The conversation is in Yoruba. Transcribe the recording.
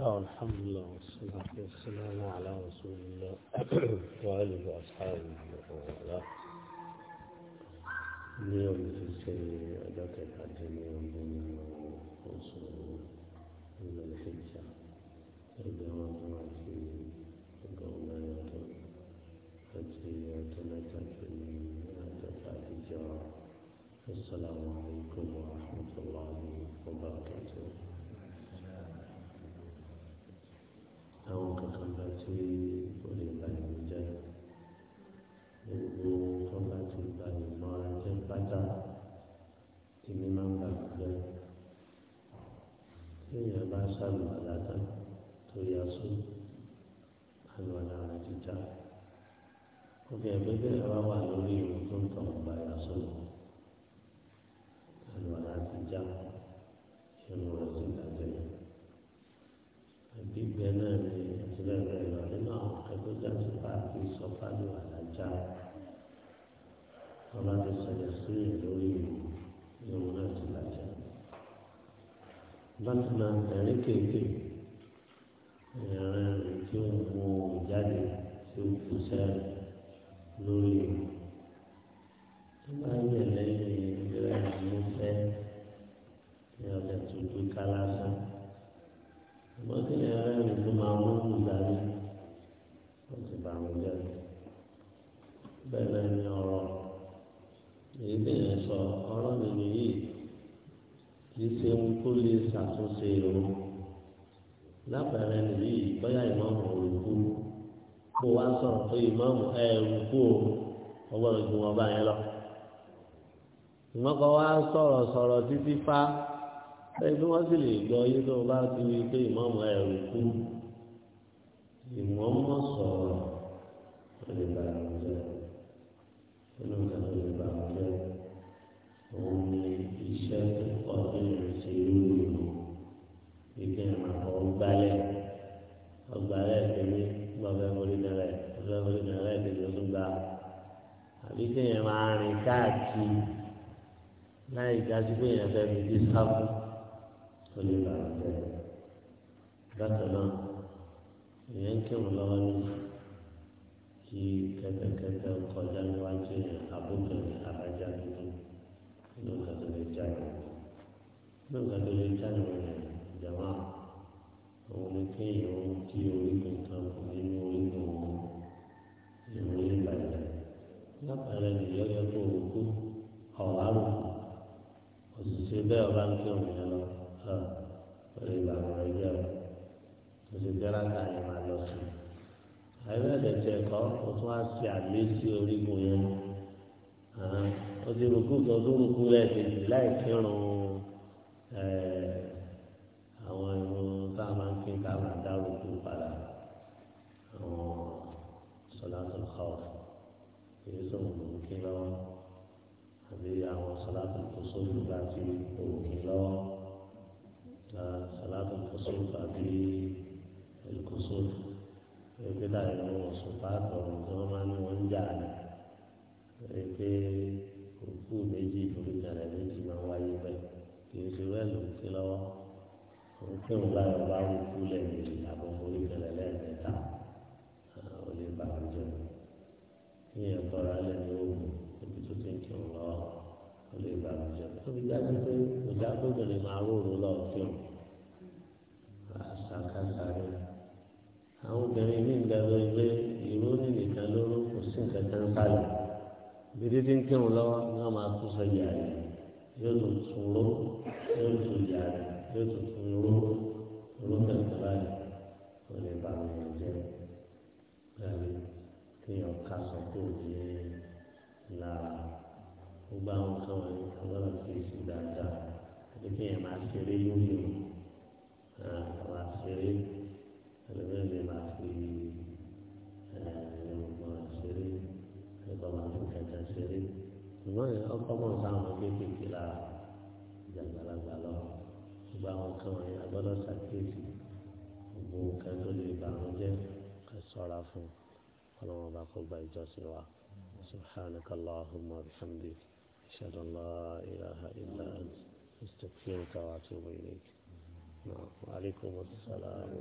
الحمد لله والصلاة والسلام على رسول الله وآله وأصحابه وعلى اليوم في من الحجة الدوام sàlùwàlà tán tó yà sùn àlùwàlà rẹ̀ ti já obìnrin pé bẹ́ẹ̀ wá wà lórí irun tó ń tàn gbà yà sùn àlùwàlà ti já irun rẹ̀ sì dàjẹ́ gbígbẹ náà ni ìtúlẹ̀ rẹ̀ lọ nínú àwọn akẹ́kọ̀ọ́ jáde pàtó ìsọ̀fà àlùwàlà já ọlọ́dún sọ̀rọ̀ sí ìlú ìlú ìlú náà ti bàjẹ́ bákan náà ẹ̀rín kéèké ẹ̀rín rẹ̀ tí ó mú jáde tí ó kú sẹ́yìn lórí ohun tó lè ṣàtúnṣe ìrun lábẹ́rẹ́ nìyí bóyá ìmọ̀ọ́mù òrùkú kó wá sọ̀rọ̀ pé ìmọ̀ọ́mù ẹ̀ òrùkú o ọgbọ́n ìgbìmọ̀ wọn bá yẹn lọ. ìmọ̀ kan wá sọ̀rọ̀ sọ̀rọ̀ títí fá ẹ bí wọ́n sì lè gbọ́ yé tó bá ti wí pé ìmọ̀ọ́mù ẹ̀ òrùkú ìjọba àbí kéèyàn máa rìn káàkiri láì dájú pé èèyàn fẹ́ fi dé sáfù tó lè bà á jẹ́ bákan náà èèyàn ń kírun lọ́wọ́ ní kí kẹ́tẹ́kẹ́tẹ́ kọjá níwájú èèyàn àbúkẹ́ àbájá dúdú nínú nǹkan tó lè já ìwọ̀n nínú nǹkan tó lè já ìwọ̀n ìjàmá òun ni kéèyàn ó kí orí kan kan nínú tún á ṣe àlè sí orígun yẹn ó ti rúkú kan tó rúkú lẹ́ẹ̀kejì láì kírun àwọn irun tá a máa ń kín ká máa dá rúkú padà àwọn sọlá tó kọ́ èyí tó ń kí lọ́wọ́ àbí àwọn sọlá tó kó sóòlù bá ti kó. látàrí àwọn òṣùpá àtọ̀run tí wọ́n máa ń wọ́n ń jà ní pé òkú méjì ìforíkalẹ̀ méjì máa ń wáyé bẹ́ẹ̀ kì í ṣe wẹ́ẹ̀lù sí lọ́wọ́ òun pé òun láyọ̀ bá wù kú lẹ́ẹ̀mejì àbọ̀ ìforíkalẹ̀ lẹ́ẹ̀mẹ́ta ó lè bà á jẹ́ kí èèyàn kọ́ra lẹ́nu oògùn níbi tó ti ń kí òun lọ́wọ́ ó lè bà á jẹ́ tó fi dájú àwọn obìnrin ní ìgbàgbọ́ ilé ìró nìkan lóró kò sí nǹkan kan sálẹ̀ bíbí tí ń kírun lọ́wọ́ ni wọ́n máa tún sọ yàrá yóò tún tún ró yóò tún yàrá yóò tún tún ró ró kankan báyìí kò lè bá àwọn èèyàn jẹ́ gbàgbé kéèyàn ká sọ pé òbí lára gbogbo àwọn nǹkan wọ̀nyí ọlọ́run fi sí dáadáa àti kéèyàn máa ṣeré lórí o àwọn àṣeré ẹlòmíràn lè máa fi ẹ̀ẹ́dẹ̀gbọ̀n ṣeré ẹ̀kọ́ máa fi kẹ̀kẹ́ ṣeré ṣùgbọ́n ọkọ̀ sáwọn kéékèèké lára ìjàgbàlagbà lọ gbogbo àwọn kan wọ̀nyí agbọ́dọ̀ ṣàkíyèsí gbogbo nǹkan tó lè bà wọ́n jẹ́ ká ṣọ́ra fún ọlọ́wọ́n bá kó gba ìjọsìn wa سبحانك اللهم وبحمدك أشهد أن لا إله إلا أنت استغفرك واتوب إليك وعليكم السلام